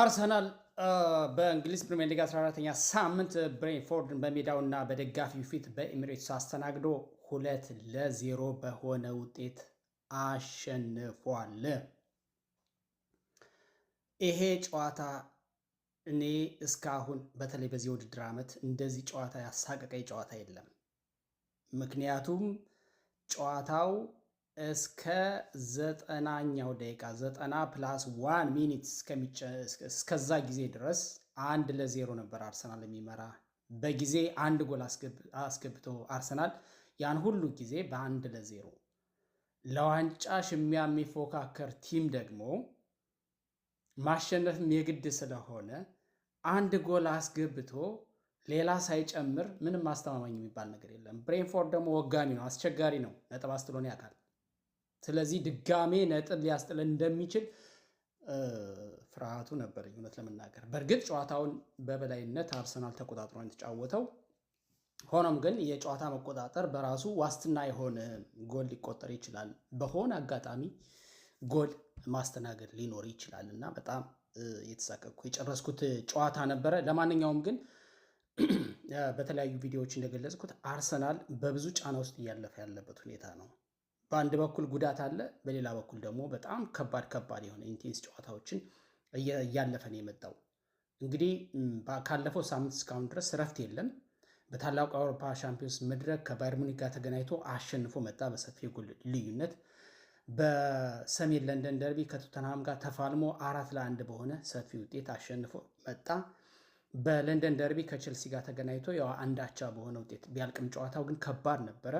አርሰናል በእንግሊዝ ፕሪሚየር ሊግ 14 ተኛ ሳምንት ብሬንፎርድን በሜዳውና በደጋፊው ፊት በኤሚሬትስ አስተናግዶ ሁለት ለዜሮ በሆነ ውጤት አሸንፏል። ይሄ ጨዋታ እኔ እስካሁን በተለይ በዚህ ውድድር ዓመት እንደዚህ ጨዋታ ያሳቀቀኝ ጨዋታ የለም። ምክንያቱም ጨዋታው እስከ ዘጠናኛው ደቂቃ ዘጠና ፕላስ ዋን ሚኒት እስከዛ ጊዜ ድረስ አንድ ለዜሮ ነበር አርሰናል የሚመራ በጊዜ አንድ ጎል አስገብቶ አርሰናል ያን ሁሉ ጊዜ በአንድ ለዜሮ ለዋንጫ ሽሚያ የሚፎካከር ቲም ደግሞ ማሸነፍም የግድ ስለሆነ አንድ ጎል አስገብቶ ሌላ ሳይጨምር ምንም ማስተማማኝ የሚባል ነገር የለም። ብሬንፎርድ ደግሞ ወጋሚ ነው፣ አስቸጋሪ ነው፣ ነጥብ አስትሎን ያካል ስለዚህ ድጋሜ ነጥብ ሊያስጥል እንደሚችል ፍርሃቱ ነበር። እውነት ለመናገር በእርግጥ ጨዋታውን በበላይነት አርሰናል ተቆጣጥሮ የተጫወተው ሆኖም ግን የጨዋታ መቆጣጠር በራሱ ዋስትና የሆነ ጎል ሊቆጠር ይችላል፣ በሆነ አጋጣሚ ጎል ማስተናገድ ሊኖር ይችላል እና በጣም የተሳቀቅኩ የጨረስኩት ጨዋታ ነበረ። ለማንኛውም ግን በተለያዩ ቪዲዮዎች እንደገለጽኩት አርሰናል በብዙ ጫና ውስጥ እያለፈ ያለበት ሁኔታ ነው። በአንድ በኩል ጉዳት አለ፣ በሌላ በኩል ደግሞ በጣም ከባድ ከባድ የሆነ ኢንቴንስ ጨዋታዎችን እያለፈ ነው የመጣው። እንግዲህ ካለፈው ሳምንት እስካሁን ድረስ እረፍት የለም። በታላቁ የአውሮፓ ሻምፒዮንስ መድረክ ከባየር ሙኒክ ጋር ተገናኝቶ አሸንፎ መጣ በሰፊ ጎል ልዩነት። በሰሜን ለንደን ደርቢ ከቶተንሃም ጋር ተፋልሞ አራት ለአንድ በሆነ ሰፊ ውጤት አሸንፎ መጣ። በለንደን ደርቢ ከቼልሲ ጋር ተገናኝቶ ያው አንዳቻ በሆነ ውጤት ቢያልቅም ጨዋታው ግን ከባድ ነበረ።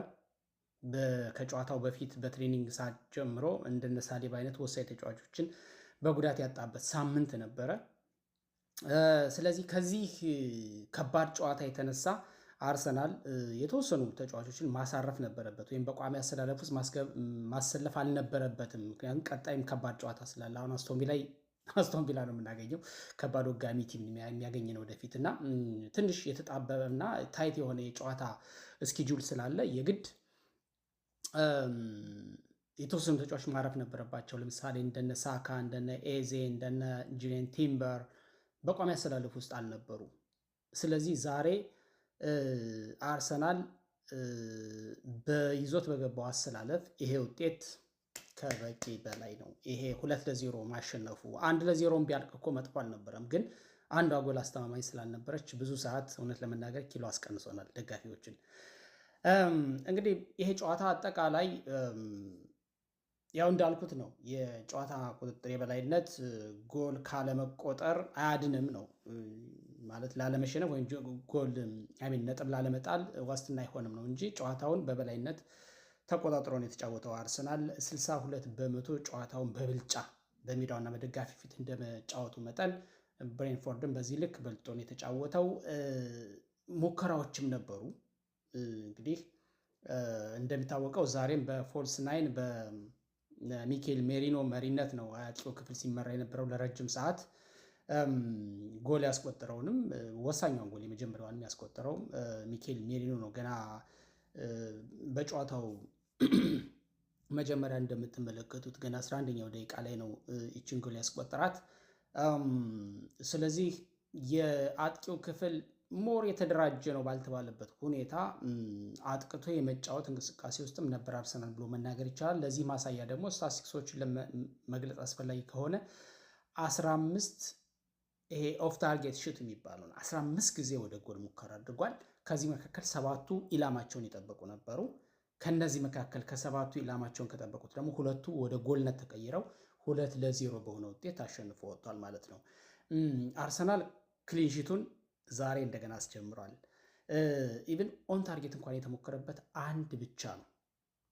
ከጨዋታው በፊት በትሬኒንግ ሰዓት ጀምሮ እንደነ ሳሌባ አይነት ወሳኝ ተጫዋቾችን በጉዳት ያጣበት ሳምንት ነበረ። ስለዚህ ከዚህ ከባድ ጨዋታ የተነሳ አርሰናል የተወሰኑ ተጫዋቾችን ማሳረፍ ነበረበት ወይም በቋሚ አሰላለፍ ውስጥ ማሰለፍ አልነበረበትም። ምክንያቱም ቀጣይም ከባድ ጨዋታ ስላለ አሁን አስቶን ቪላ አስቶን ቪላ ነው የምናገኘው። ከባድ ወጋሚ ቲም የሚያገኝ ነው ወደፊት እና ትንሽ የተጣበበ እና ታይት የሆነ የጨዋታ እስኪጁል ስላለ የግድ የተወሰኑ ተጫዋች ማረፍ ነበረባቸው። ለምሳሌ እንደነ ሳካ፣ እንደነ ኤዜ፣ እንደነ ጁሊየን ቲምበር በቋሚ አሰላለፍ ውስጥ አልነበሩ። ስለዚህ ዛሬ አርሰናል በይዞት በገባው አሰላለፍ ይሄ ውጤት ከበቂ በላይ ነው። ይሄ ሁለት ለዜሮ ማሸነፉ አንድ ለዜሮም ቢያልቅ እኮ መጥፎ አልነበረም፣ ግን አንዷ ጎል አስተማማኝ ስላልነበረች ብዙ ሰዓት እውነት ለመናገር ኪሎ አስቀንሶናል ደጋፊዎችን እንግዲህ ይሄ ጨዋታ አጠቃላይ ያው እንዳልኩት ነው። የጨዋታ ቁጥጥር የበላይነት ጎል ካለመቆጠር አያድንም ነው ማለት ላለመሸነፍ ወይም ጎል ሚን ነጥብ ላለመጣል ዋስትና አይሆንም ነው እንጂ ጨዋታውን በበላይነት ተቆጣጥሮ ነው የተጫወተው አርሰናል 62 በመቶ ጨዋታውን በብልጫ በሜዳውና በደጋፊ ፊት እንደመጫወቱ መጠን ብሬንፎርድን በዚህ ልክ በልጦ ነው የተጫወተው ሙከራዎችም ነበሩ እንግዲህ እንደሚታወቀው ዛሬም በፎልስ ናይን በሚኬል ሜሪኖ መሪነት ነው አጥቂው ክፍል ሲመራ የነበረው ለረጅም ሰዓት ጎል ያስቆጠረውንም ወሳኛውን ጎል የመጀመሪያዋንም ያስቆጠረው ሚኬል ሜሪኖ ነው። ገና በጨዋታው መጀመሪያ እንደምትመለከቱት ገና 11ኛው ደቂቃ ላይ ነው ይችን ጎል ያስቆጠራት። ስለዚህ የአጥቂው ክፍል ሞር የተደራጀ ነው ባልተባለበት ሁኔታ አጥቅቶ የመጫወት እንቅስቃሴ ውስጥም ነበር አርሰናል ብሎ መናገር ይቻላል። ለዚህ ማሳያ ደግሞ ስታሲክሶችን ለመግለጽ አስፈላጊ ከሆነ 15 ይሄ ኦፍ ታርጌት ሽት የሚባለውን 15 ጊዜ ወደ ጎል ሙከራ አድርጓል። ከዚህ መካከል ሰባቱ ኢላማቸውን የጠበቁ ነበሩ። ከነዚህ መካከል ከሰባቱ ኢላማቸውን ከጠበቁት ደግሞ ሁለቱ ወደ ጎልነት ተቀይረው ሁለት ለዜሮ በሆነ ውጤት አሸንፎ ወጥቷል ማለት ነው። አርሰናል ክሊንሺቱን ዛሬ እንደገና አስጀምሯል። ኢቭን ኦን ታርጌት እንኳን የተሞከረበት አንድ ብቻ ነው።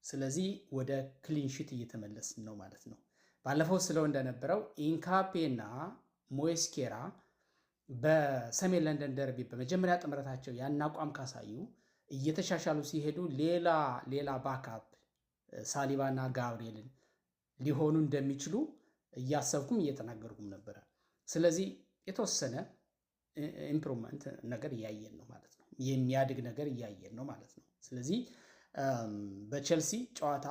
ስለዚህ ወደ ክሊንሺት እየተመለስን ነው ማለት ነው። ባለፈው ስለው እንደነበረው ኢንካፔና ሞስኬራ በሰሜን ለንደን ደርቢ በመጀመሪያ ጥምረታቸው ያን አቋም ካሳዩ እየተሻሻሉ ሲሄዱ ሌላ ሌላ ባካፕ ሳሊባና ጋብርኤልን ሊሆኑ እንደሚችሉ እያሰብኩም እየተናገርኩም ነበረ። ስለዚህ የተወሰነ ኢምፕሩቭመንት ነገር እያየን ነው ማለት ነው። የሚያድግ ነገር እያየን ነው ማለት ነው። ስለዚህ በቼልሲ ጨዋታ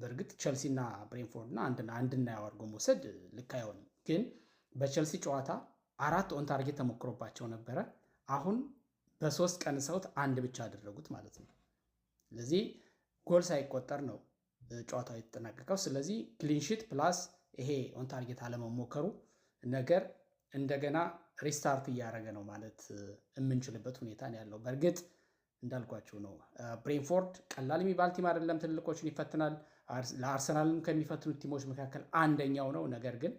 በእርግጥ ቼልሲና ብሬንፎርድና አንድ አንድና ያው መውሰድ ልክ አይሆንም፣ ግን በቼልሲ ጨዋታ አራት ኦን ታርጌት ተሞክሮባቸው ነበረ። አሁን በሶስት ቀን ሰውት አንድ ብቻ አደረጉት ማለት ነው። ስለዚህ ጎል ሳይቆጠር ነው ጨዋታው የተጠናቀቀው። ስለዚህ ክሊንሺት ፕላስ ይሄ ኦን ታርጌት አለመሞከሩ ነገር እንደገና ሪስታርት እያደረገ ነው ማለት የምንችልበት ሁኔታ ነው ያለው። በእርግጥ እንዳልኳቸው ነው ብሬንፎርድ ቀላል የሚባል ቲም አይደለም። ትልልቆችን ይፈትናል። ለአርሰናልም ከሚፈትኑት ቲሞች መካከል አንደኛው ነው። ነገር ግን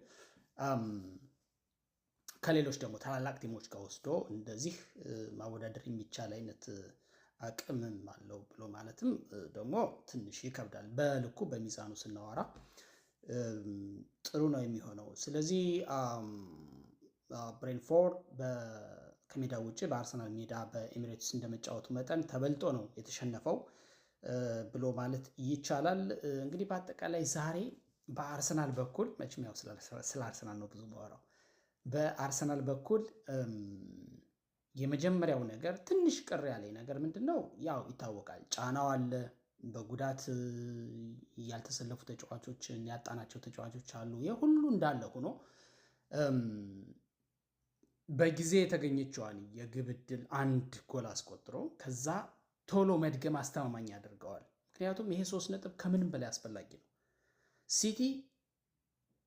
ከሌሎች ደግሞ ታላላቅ ቲሞች ጋር ወስዶ እንደዚህ ማወዳደር የሚቻል አይነት አቅምም አለው ብሎ ማለትም ደግሞ ትንሽ ይከብዳል። በልኩ በሚዛኑ ስናወራ ጥሩ ነው የሚሆነው። ስለዚህ ብሬንፎርድ ከሜዳ ውጭ በአርሰናል ሜዳ በኤሚሬትስ እንደመጫወቱ መጠን ተበልጦ ነው የተሸነፈው ብሎ ማለት ይቻላል። እንግዲህ በአጠቃላይ ዛሬ በአርሰናል በኩል መቼም ያው ስለ አርሰናል ነው ብዙ ማወራው። በአርሰናል በኩል የመጀመሪያው ነገር ትንሽ ቅር ያለኝ ነገር ምንድን ነው፣ ያው ይታወቃል፣ ጫናው አለ። በጉዳት ያልተሰለፉ ተጫዋቾችን ያጣናቸው ተጫዋቾች አሉ። የሁሉ እንዳለ ሆኖ በጊዜ የተገኘችዋን የግብ ዕድል አንድ ጎል አስቆጥሮ ከዛ ቶሎ መድገም አስተማማኝ ያደርገዋል። ምክንያቱም ይሄ ሶስት ነጥብ ከምንም በላይ አስፈላጊ ነው። ሲቲ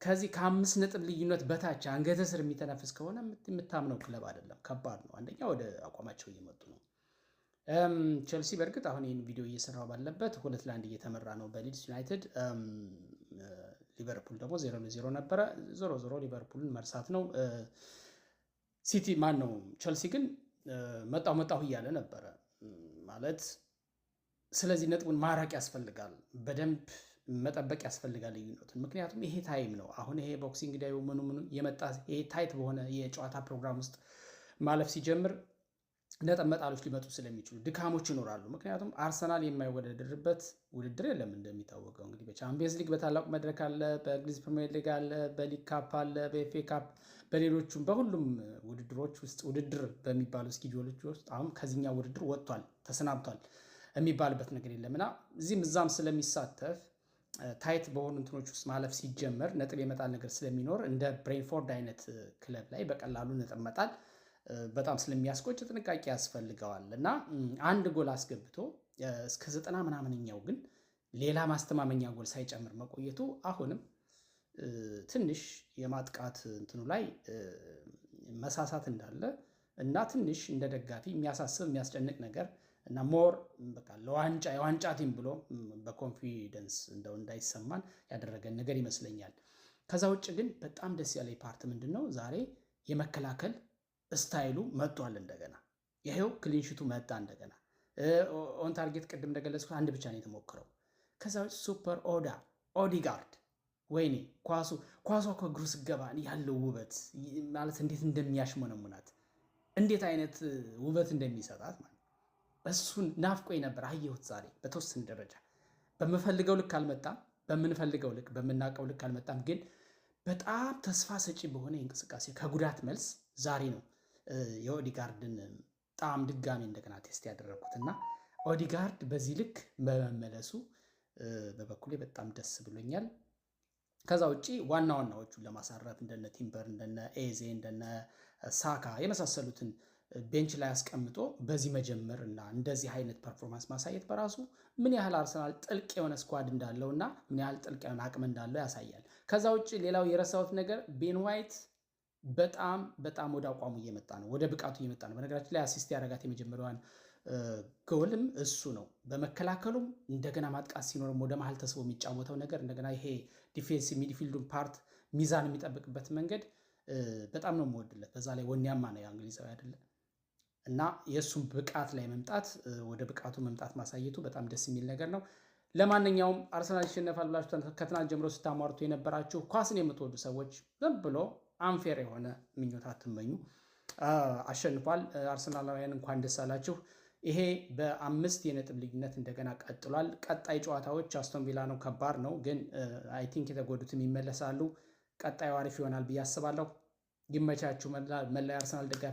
ከዚህ ከአምስት ነጥብ ልዩነት በታች አንገተ ስር የሚተነፍስ ከሆነ የምታምነው ክለብ አይደለም። ከባድ ነው። አንደኛ ወደ አቋማቸው እየመጡ ነው። ቸልሲ በእርግጥ አሁን ይህን ቪዲዮ እየሰራው ባለበት ሁለት ለአንድ እየተመራ ነው በሊድስ ዩናይትድ። ሊቨርፑል ደግሞ ዜሮ ለዜሮ ነበረ። ዞሮ ዞሮ ሊቨርፑልን መርሳት ነው። ሲቲ ማን ነው ቸልሲ ግን መጣው መጣሁ እያለ ነበረ ማለት ስለዚህ ነጥቡን ማራቅ ያስፈልጋል። በደንብ መጠበቅ ያስፈልጋል ልዩነቱን። ምክንያቱም ይሄ ታይም ነው። አሁን ይሄ ቦክሲንግ ዳዩ ምኑ ምኑ የመጣ ይሄ ታይት በሆነ የጨዋታ ፕሮግራም ውስጥ ማለፍ ሲጀምር ነጥብ መጣሎች ሊመጡ ስለሚችሉ ድካሞች ይኖራሉ። ምክንያቱም አርሰናል የማይወዳደርበት ውድድር የለም። እንደሚታወቀው እንግዲህ በቻምፒየንስ ሊግ በታላቁ መድረክ አለ፣ በእንግሊዝ ፕሪሚየር ሊግ አለ፣ በሊግ ካፕ አለ፣ በኤፍ ካፕ በሌሎቹም በሁሉም ውድድሮች ውስጥ ውድድር በሚባሉ እስኪጆሎች ውስጥ አሁን ከዚኛ ውድድር ወጥቷል ተሰናብቷል የሚባልበት ነገር የለምና እዚህም እዛም ስለሚሳተፍ ታይት በሆኑ እንትኖች ውስጥ ማለፍ ሲጀመር ነጥብ የመጣል ነገር ስለሚኖር እንደ ብሬንፎርድ አይነት ክለብ ላይ በቀላሉ ነጥብ መጣል በጣም ስለሚያስቆጭ ጥንቃቄ ያስፈልገዋል እና አንድ ጎል አስገብቶ እስከ ዘጠና ምናምንኛው ግን ሌላ ማስተማመኛ ጎል ሳይጨምር መቆየቱ አሁንም ትንሽ የማጥቃት እንትኑ ላይ መሳሳት እንዳለ እና ትንሽ እንደ ደጋፊ የሚያሳስብ የሚያስጨንቅ ነገር እና ሞር በቃ ለዋንጫ የዋንጫ ቲም ብሎ በኮንፊደንስ እንደው እንዳይሰማን ያደረገን ነገር ይመስለኛል። ከዛ ውጭ ግን በጣም ደስ ያለ ፓርት ምንድን ነው? ዛሬ የመከላከል ስታይሉ መጥቷል እንደገና። ይሄው ክሊንሽቱ መጣ እንደገና። ኦን ታርጌት ቅድም እንደገለጽኩት አንድ ብቻ ነው የተሞክረው። ከዛ ውጭ ሱፐር ኦዳ ኦዲጋርድ ወይኔ ኳሱ ኳሷ ከእግሩ ስገባ ያለው ውበት ማለት እንዴት እንደሚያሽመነሙናት እንዴት አይነት ውበት እንደሚሰጣት ማለት እሱን ናፍቆኝ ነበር። አየሁት ዛሬ በተወሰነ ደረጃ በምፈልገው ልክ አልመጣም፣ በምንፈልገው ልክ በምናውቀው ልክ አልመጣም። ግን በጣም ተስፋ ሰጪ በሆነ እንቅስቃሴ ከጉዳት መልስ ዛሬ ነው የኦዲጋርድን ጣም ድጋሚ እንደገና ቴስት ያደረግኩት እና ኦዲጋርድ በዚህ ልክ በመመለሱ በበኩሌ በጣም ደስ ብሎኛል። ከዛ ውጭ ዋና ዋናዎቹን ለማሳረፍ እንደነ ቲምበር፣ እንደነ ኤዜ፣ እንደነ ሳካ የመሳሰሉትን ቤንች ላይ አስቀምጦ በዚህ መጀመር እና እንደዚህ አይነት ፐርፎርማንስ ማሳየት በራሱ ምን ያህል አርሰናል ጥልቅ የሆነ ስኳድ እንዳለው እና ምን ያህል ጥልቅ የሆነ አቅም እንዳለው ያሳያል። ከዛ ውጭ ሌላው የረሳሁት ነገር ቤን ዋይት በጣም በጣም ወደ አቋሙ እየመጣ ነው፣ ወደ ብቃቱ እየመጣ ነው። በነገራችን ላይ አሲስት ያደረጋት የመጀመሪያዋን ጎልም እሱ ነው። በመከላከሉም እንደገና ማጥቃት ሲኖርም ወደ መሀል ተስቦ የሚጫወተው ነገር እንደገና ይሄ ዲፌንስ ሚድፊልዱን ፓርት ሚዛን የሚጠብቅበት መንገድ በጣም ነው የምወድለት። በዛ ላይ ወኔያማ ነው የእንግሊዛዊ አይደለም እና የእሱም ብቃት ላይ መምጣት ወደ ብቃቱ መምጣት ማሳየቱ በጣም ደስ የሚል ነገር ነው። ለማንኛውም አርሰናል ይሸነፋል ብላችሁ ከትናንት ጀምሮ ስታሟርቱ የነበራችሁ ኳስን የምትወዱ ሰዎች ዝም ብሎ አንፌር የሆነ ምኞት አትመኙ። አሸንፏል። አርሰናላውያን እንኳን ደስ አላችሁ። ይሄ በአምስት የነጥብ ልዩነት እንደገና ቀጥሏል። ቀጣይ ጨዋታዎች አስቶን ቪላ ነው፣ ከባድ ነው ግን አይ ቲንክ የተጎዱትም ይመለሳሉ። ቀጣዩ አሪፍ ይሆናል ብዬ አስባለሁ። ይመቻችሁ። መላ የአርሰናል ደጋፊ